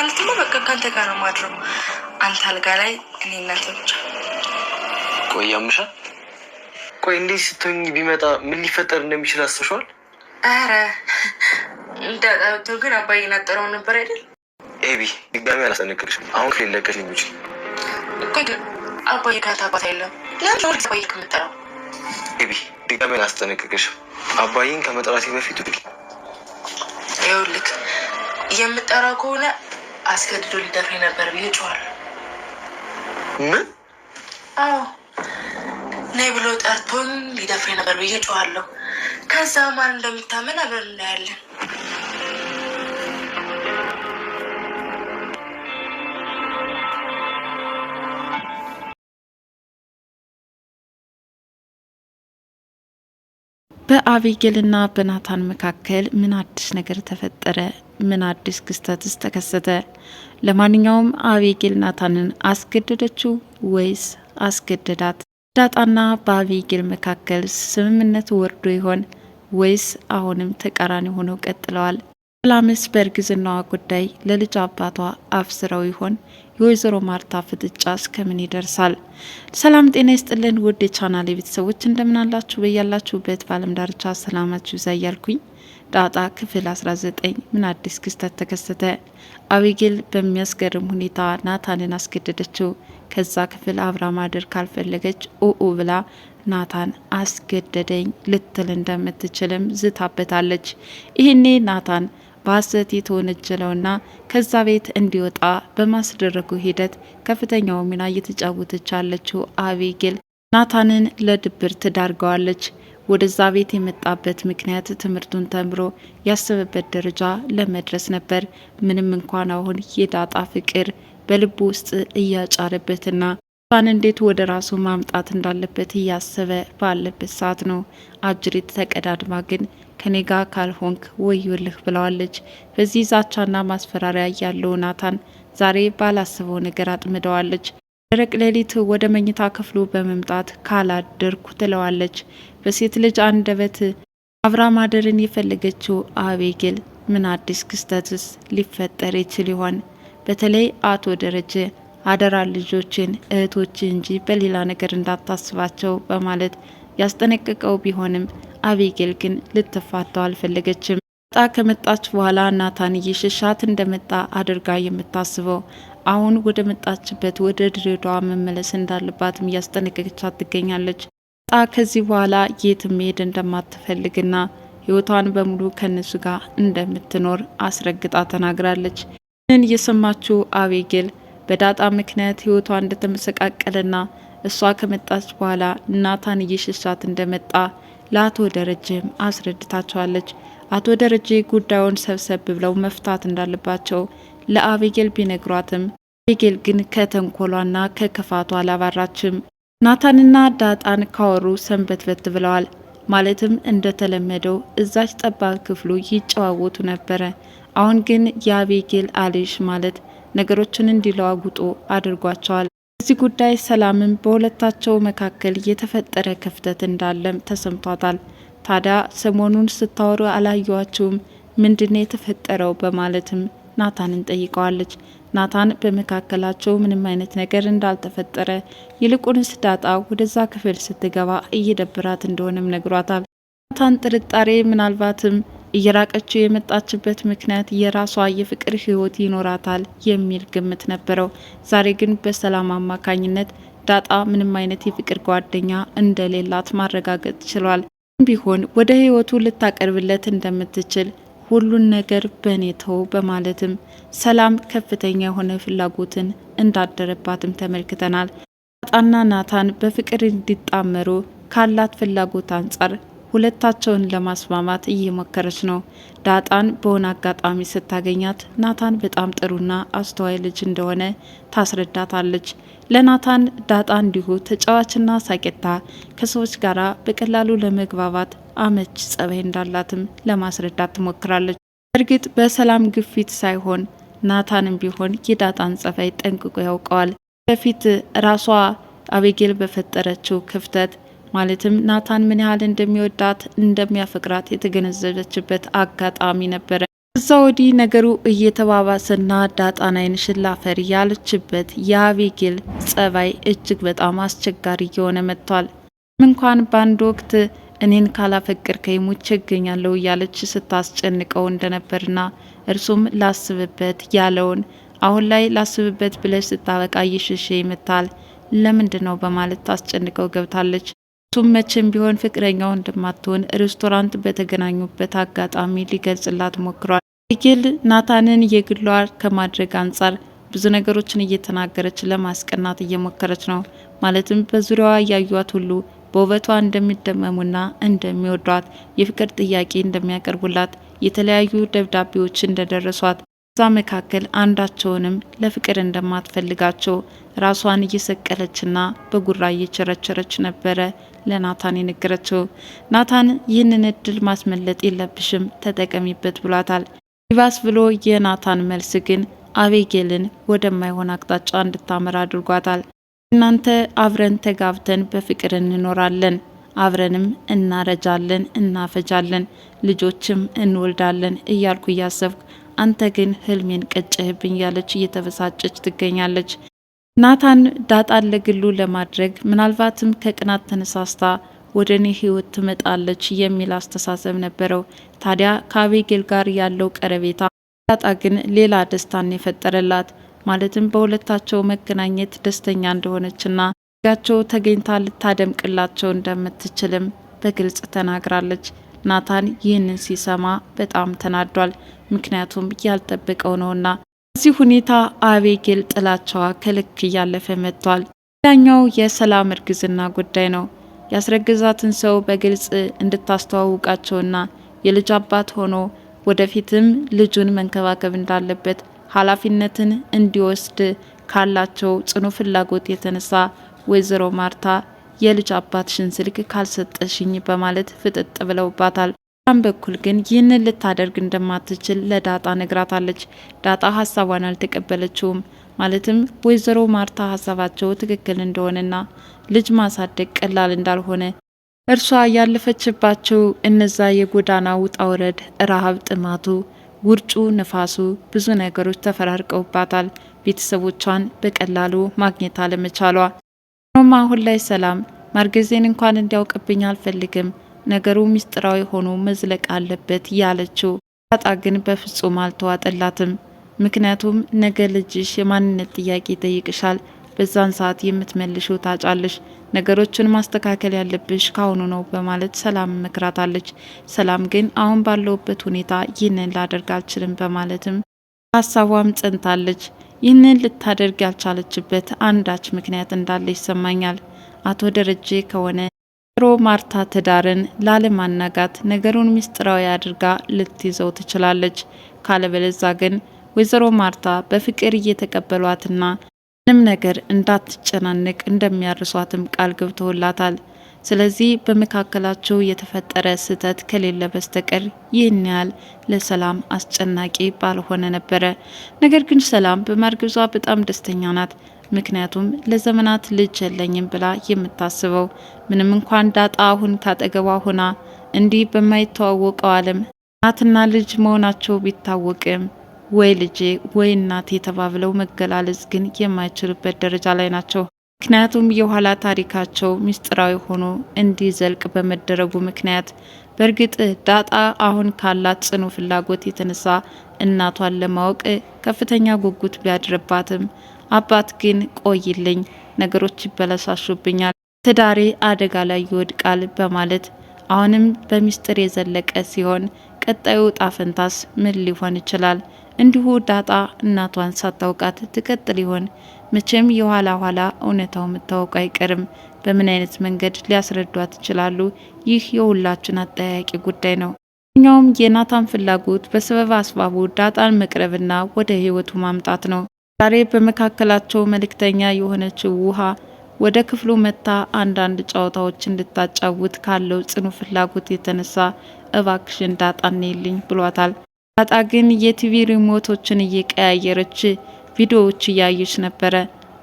ማለት ነው። በቃ ከአንተ ጋር ነው ማድረው። አንተ አልጋ ላይ እኔ እናንተ ብቻ። ቆይ ያምሻል። ቆይ እንዴት ስትሆኝ ቢመጣ ምን ሊፈጠር እንደሚችል አስበሽዋል? ኧረ እንዳጣቶ ግን አባይ ናጠረው ነበር አይደል? ኤቢ ድጋሚ አላስጠነቅቅሽ። አሁን ክሌለቀሽ ክሌ ለቀሽ አባይ አባዬ አባት የለም። ለምን ወደ አባዬ ከምጠራው? ኤቢ ድጋሚ አላስጠነቅቅሽ። አባይን ከመጠራቴ በፊት ውድ ይኸውልህ የምጠራው ከሆነ አስገድዶ ሊደፍሬ ነበር ብዬ ጨዋል። ምን? አዎ ነይ ብሎ ጠርቶኝ ሊደፍሬ ነበር ብዬ ጨዋለሁ። ከዛ ማን እንደምታመን አብረን እናያለን። በአቤጌልና በናታን መካከል ምን አዲስ ነገር ተፈጠረ? ምን አዲስ ክስተትስ ተከሰተ? ለማንኛውም አቢጌል ናታንን አስገደደችው ወይስ አስገደዳት? ዳጣና በአቢጌል መካከል ስምምነት ወርዶ ይሆን ወይስ አሁንም ተቃራኒ ሆነው ቀጥለዋል? ሰላምስ በእርግዝናዋ ጉዳይ ለልጅ አባቷ አፍስረው ይሆን? የወይዘሮ ማርታ ፍጥጫ እስከምን ይደርሳል? ሰላም ጤና ይስጥልን ውድ የቻናሌ ቤተሰቦች እንደምናላችሁ በያላችሁበት በአለም ዳርቻ ሰላማችሁ ይዛያልኩኝ። እያልኩኝ ዳጣ ክፍል 19 ምን አዲስ ክስተት ተከሰተ? አቢጌል በሚያስገርም ሁኔታ ናታንን አስገደደችው። ከዛ ክፍል አብራ ማደር ካልፈለገች ኡኡ ብላ ናታን አስገደደኝ ልትል እንደምትችልም ዝታበታለች። ይህኔ ናታን በሐሰት የተወነጀለውና ከዛ ቤት እንዲወጣ በማስደረጉ ሂደት ከፍተኛው ሚና እየተጫወተች ያለችው አቤጌል ናታንን ለድብር ትዳርገዋለች። ወደዛ ቤት የመጣበት ምክንያት ትምህርቱን ተምሮ ያሰበበት ደረጃ ለመድረስ ነበር። ምንም እንኳን አሁን የዳጣ ፍቅር በልቡ ውስጥ እያጫረበትና ሷን እንዴት ወደ ራሱ ማምጣት እንዳለበት እያሰበ ባለበት ሰዓት ነው አጅሬት ተቀዳድማ ግን ከኔ ጋር ካልሆንክ ወዩልህ ብለዋለች። በዚህ ዛቻና ማስፈራሪያ ያለው ናታን ዛሬ ባላስበው ነገር አጥምደዋለች። ደረቅ ሌሊት ወደ መኝታ ክፍሉ በመምጣት ካላደርኩ ትለዋለች። በሴት ልጅ አንደበት አብራ ማደርን የፈለገችው አቤጌል ምን አዲስ ክስተትስ ሊፈጠር ይችል ይሆን? በተለይ አቶ ደረጀ አደራ ልጆችን እህቶች እንጂ በሌላ ነገር እንዳታስባቸው በማለት ያስጠነቅቀው ቢሆንም አቤጌል ግን ልትፋቷ አልፈለገችም። ጣ ከመጣች በኋላ ናታን እየሸሻት እንደመጣ አድርጋ የምታስበው አሁን ወደ መጣችበት ወደ ድሬዳዋ መመለስ እንዳለባትም እያስጠነቀቀቻት ትገኛለች። ጣ ከዚህ በኋላ የት መሄድ እንደማትፈልግና ህይወቷን በሙሉ ከነሱ ጋር እንደምትኖር አስረግጣ ተናግራለች። ይህን የሰማችው አቤጌል በዳጣ ምክንያት ህይወቷ እንደተመሰቃቀለና እሷ ከመጣች በኋላ ናታን እየሸሻት እንደመጣ ለአቶ ደረጀም አስረድታቸዋለች። አቶ ደረጀ ጉዳዩን ሰብሰብ ብለው መፍታት እንዳለባቸው ለአቤጌል ቢነግሯትም አቤጌል ግን ከተንኮሏና ከክፋቷ አላባራችም። ናታንና ዳጣን ካወሩ ሰንበትበት ብለዋል። ማለትም እንደተለመደው እዛች ጠባብ ክፍሉ ይጨዋወቱ ነበረ። አሁን ግን የአቤጌል አሌሽ ማለት ነገሮችን እንዲለዋጉጡ አድርጓቸዋል። በዚህ ጉዳይ ሰላምም በሁለታቸው መካከል የተፈጠረ ክፍተት እንዳለም ተሰምቷታል። ታዲያ ሰሞኑን ስታወሩ አላየዋችሁም ምንድነው የተፈጠረው? በማለትም ናታንን ጠይቀዋለች። ናታን በመካከላቸው ምንም አይነት ነገር እንዳልተፈጠረ ይልቁንስ ዳጣ ወደዛ ክፍል ስትገባ እየደብራት እንደሆነም ነግሯታል። ናታን ጥርጣሬ ምናልባትም እየራቀችው የመጣችበት ምክንያት የራሷ የፍቅር ህይወት ይኖራታል የሚል ግምት ነበረው። ዛሬ ግን በሰላም አማካኝነት ዳጣ ምንም አይነት የፍቅር ጓደኛ እንደሌላት ማረጋገጥ ችሏል። ቢሆን ወደ ህይወቱ ልታቀርብለት እንደምትችል ሁሉን ነገር በእኔ ተው በማለትም ሰላም ከፍተኛ የሆነ ፍላጎትን እንዳደረባትም ተመልክተናል። ዳጣና ናታን በፍቅር እንዲጣመሩ ካላት ፍላጎት አንጻር ሁለታቸውን ለማስማማት እየሞከረች ነው። ዳጣን በሆነ አጋጣሚ ስታገኛት ናታን በጣም ጥሩና አስተዋይ ልጅ እንደሆነ ታስረዳታለች። ለናታን ዳጣ እንዲሁ ተጫዋችና ሳቄታ፣ ከሰዎች ጋር በቀላሉ ለመግባባት አመች ጸባይ እንዳላትም ለማስረዳት ትሞክራለች። እርግጥ በሰላም ግፊት ሳይሆን ናታንም ቢሆን የዳጣን ጸባይ ጠንቅቆ ያውቀዋል። በፊት ራሷ አቤጌል በፈጠረችው ክፍተት ማለትም ናታን ምን ያህል እንደሚወዳት እንደሚያፈቅራት የተገነዘበችበት አጋጣሚ ነበረ። እዛ ወዲህ ነገሩ እየተባባሰና ዳጣን አይንሽን ላፈር ያለችበት የአቤጌል ጸባይ እጅግ በጣም አስቸጋሪ እየሆነ መጥቷል። እንኳን በአንድ ወቅት እኔን ካላፈቅር ሙቼ እገኛለሁ እያለች ስታስጨንቀው እንደነበርና እርሱም ላስብበት ያለውን አሁን ላይ ላስብበት ብለሽ ስታበቃ እየሸሸ ይመታል ለምንድን ነው በማለት ታስጨንቀው ገብታለች። እሱም መቼም ቢሆን ፍቅረኛው እንደማትሆን ሬስቶራንት በተገናኙበት አጋጣሚ ሊገልጽላት ሞክሯል። ይግል ናታንን የግሏ ከማድረግ አንጻር ብዙ ነገሮችን እየተናገረች ለማስቀናት እየሞከረች ነው። ማለትም በዙሪያዋ ያዩት ሁሉ በውበቷ እንደሚደመሙና እንደሚወዷት የፍቅር ጥያቄ እንደሚያቀርቡላት የተለያዩ ደብዳቤዎች እንደደረሷት ከዛ መካከል አንዳቸውንም ለፍቅር እንደማትፈልጋቸው ራሷን እየሰቀለችና በጉራ እየቸረቸረች ነበረ። ለናታን የነገረችው። ናታን ይህንን እድል ማስመለጥ የለብሽም ተጠቀሚበት ብሏታል። ይባስ ብሎ የናታን መልስ ግን አቤጌልን ወደማይሆን አቅጣጫ እንድታመራ አድርጓታል። እናንተ አብረን ተጋብተን በፍቅር እንኖራለን፣ አብረንም እናረጃለን፣ እናፈጃለን፣ ልጆችም እንወልዳለን እያልኩ እያሰብኩ አንተ ግን ህልሜን ቀጨህብኝ ያለች እየተበሳጨች ትገኛለች። ናታን ዳጣን ለግሉ ለማድረግ ምናልባትም ከቅናት ተነሳስታ ወደ እኔ ህይወት ትመጣለች የሚል አስተሳሰብ ነበረው። ታዲያ ከአቤጌል ጋር ያለው ቀረቤታ ዳጣ ግን ሌላ ደስታን የፈጠረላት ማለትም በሁለታቸው መገናኘት ደስተኛ እንደሆነችና ጋቸው ተገኝታ ልታደምቅላቸው እንደምትችልም በግልጽ ተናግራለች። ናታን ይህንን ሲሰማ በጣም ተናዷል። ምክንያቱም ያልጠበቀው ነውና በዚህ ሁኔታ አቤጌል ጥላቻዋ ከልክ እያለፈ መጥቷል። ሌላኛው የሰላም እርግዝና ጉዳይ ነው። ያስረግዛትን ሰው በግልጽ እንድታስተዋውቃቸውና የልጅ አባት ሆኖ ወደፊትም ልጁን መንከባከብ እንዳለበት ኃላፊነትን እንዲወስድ ካላቸው ጽኑ ፍላጎት የተነሳ ወይዘሮ ማርታ የልጅ አባትሽን ስልክ ካልሰጠሽኝ በማለት ፍጥጥ ብለውባታል። በአን በኩል ግን ይህንን ልታደርግ እንደማትችል ለዳጣ ነግራታለች። ዳጣ ሀሳቧን አልተቀበለችውም። ማለትም ወይዘሮ ማርታ ሀሳባቸው ትክክል እንደሆነና ልጅ ማሳደግ ቀላል እንዳልሆነ እርሷ ያለፈችባቸው እነዛ የጎዳና ውጣ ውረድ፣ ረሃብ፣ ጥማቱ፣ ውርጩ፣ ንፋሱ ብዙ ነገሮች ተፈራርቀውባታል። ቤተሰቦቿን በቀላሉ ማግኘት አለመቻሏ። ኖማ አሁን ላይ ሰላም ማርገዜን እንኳን እንዲያውቅብኝ አልፈልግም ነገሩ ምስጢራዊ ሆኖ መዝለቅ አለበት ያለችው ዳጣ ግን በፍጹም አልተዋጠላትም። ምክንያቱም ነገ ልጅሽ የማንነት ጥያቄ ይጠይቅሻል። በዛን ሰዓት የምትመልሽው ታጫለሽ። ነገሮችን ማስተካከል ያለብሽ ካሁኑ ነው በማለት ሰላም መክራታለች። ሰላም ግን አሁን ባለውበት ሁኔታ ይህንን ላደርግ አልችልም በማለትም ሀሳቧም ጸንታለች። ይህንን ልታደርግ ያልቻለችበት አንዳች ምክንያት እንዳለ ይሰማኛል። አቶ ደረጀ ከሆነ ሮ ማርታ ትዳርን ላለማናጋት ነገሩን ምስጢራዊ አድርጋ ልትይዘው ትችላለች። ካለበለዛ ግን ወይዘሮ ማርታ በፍቅር እየተቀበሏትና ምንም ነገር እንዳትጨናንቅ እንደሚያርሷትም ቃል ገብተውላታል። ስለዚህ በመካከላቸው የተፈጠረ ስህተት ከሌለ በስተቀር ይህን ያህል ለሰላም አስጨናቂ ባልሆነ ነበረ። ነገር ግን ሰላም በማርገዟ በጣም ደስተኛ ናት። ምክንያቱም ለዘመናት ልጅ የለኝም ብላ የምታስበው ምንም እንኳን ዳጣ አሁን ካጠገቧ ሆና እንዲህ በማይተዋወቀው ዓለም እናትና ልጅ መሆናቸው ቢታወቅም ወይ ልጄ ወይ እናቴ ተባብለው መገላለጽ ግን የማይችሉበት ደረጃ ላይ ናቸው። ምክንያቱም የኋላ ታሪካቸው ምስጢራዊ ሆኖ እንዲዘልቅ በመደረጉ ምክንያት በእርግጥ ዳጣ አሁን ካላት ጽኑ ፍላጎት የተነሳ እናቷን ለማወቅ ከፍተኛ ጉጉት ቢያድርባትም አባት ግን ቆይልኝ፣ ነገሮች ይበለሳሹብኛል፣ ትዳሬ አደጋ ላይ ይወድቃል በማለት አሁንም በሚስጥር የዘለቀ ሲሆን ቀጣዩ እጣ ፈንታስ ምን ሊሆን ይችላል? እንዲሁ ዳጣ እናቷን ሳታውቃት ትቀጥል ይሆን? መቼም የኋላ ኋላ እውነታው መታወቁ አይቀርም። በምን አይነት መንገድ ሊያስረዷት ይችላሉ? ይህ የሁላችን አጠያቂ ጉዳይ ነው። ኛውም የናታን ፍላጎት በሰበብ አስባቡ ዳጣን መቅረብና ወደ ህይወቱ ማምጣት ነው። ዛሬ በመካከላቸው መልእክተኛ የሆነችው ውሃ ወደ ክፍሉ መታ አንዳንድ ጨዋታዎች እንድታጫውት ካለው ጽኑ ፍላጎት የተነሳ እባክሽን ዳጣ ነይልኝ ብሏታል። ዳጣ ግን የቲቪ ሪሞቶችን እየቀያየረች ቪዲዮዎች እያየች ነበረ።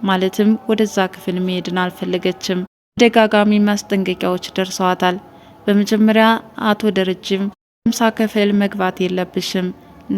ማለትም ወደዛ ክፍል መሄድን አልፈለገችም። ተደጋጋሚ ማስጠንቀቂያዎች ደርሰዋታል። በመጀመሪያ አቶ ደረጅም ምሳ ክፍል መግባት የለብሽም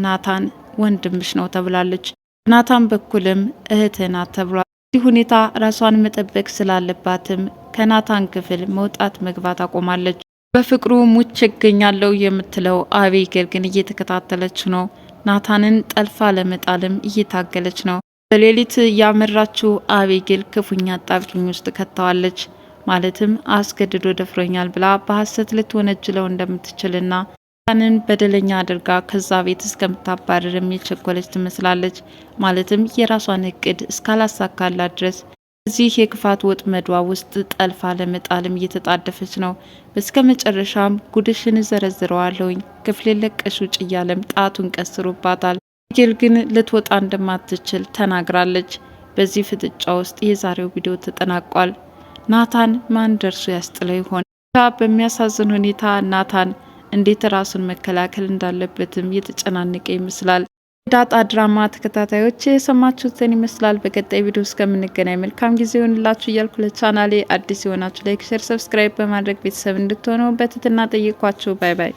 ናታን ወንድምሽ ነው ተብላለች። ናታን በኩልም እህትህ ናት ተብሏል። ይህ ሁኔታ ራሷን መጠበቅ ስላለባትም ከናታን ክፍል መውጣት መግባት አቆማለች። በፍቅሩ ሙች እገኛለሁ የምትለው አቤ ግን እየተከታተለች ነው። ናታንን ጠልፋ ለመጣልም እየታገለች ነው። በሌሊት ያመራችው አቤጌል ክፉኛ አጣብቂኝ ውስጥ ከተዋለች። ማለትም አስገድዶ ደፍሮኛል ብላ በሐሰት ልትወነጅለው እንደምትችልና ናታንን በደለኛ አድርጋ ከዛ ቤት እስከምታባረርም የቸኮለች ትመስላለች። ማለትም የራሷን እቅድ እስካላሳካላት ድረስ እዚህ የክፋት ወጥመዷ ውስጥ ጠልፋ ለመጣልም እየተጣደፈች ነው። እስከ መጨረሻም ጉድሽን ዘረዝረዋለሁኝ ክፍሌን ለቀሽ ውጭ እያለም ጣቱን ቀስሮባታል። ሚጌል ግን ልትወጣ እንደማትችል ተናግራለች። በዚህ ፍጥጫ ውስጥ የዛሬው ቪዲዮ ተጠናቋል። ናታን ማን ደርሶ ያስጥለው ይሆን? በሚያሳዝን ሁኔታ ናታን እንዴት ራሱን መከላከል እንዳለበትም የተጨናነቀ ይመስላል። ዳጣ ድራማ ተከታታዮች የሰማችሁትን ይመስላል። በቀጣይ ቪዲዮ እስከምንገናኝ መልካም ጊዜ ይሆንላችሁ እያልኩ ለቻናሌ አዲስ የሆናችሁ ላይክ፣ ሸር፣ ሰብስክራይብ በማድረግ ቤተሰብ እንድትሆነው በትህትና ጠይቋችሁ። ባይ ባይ።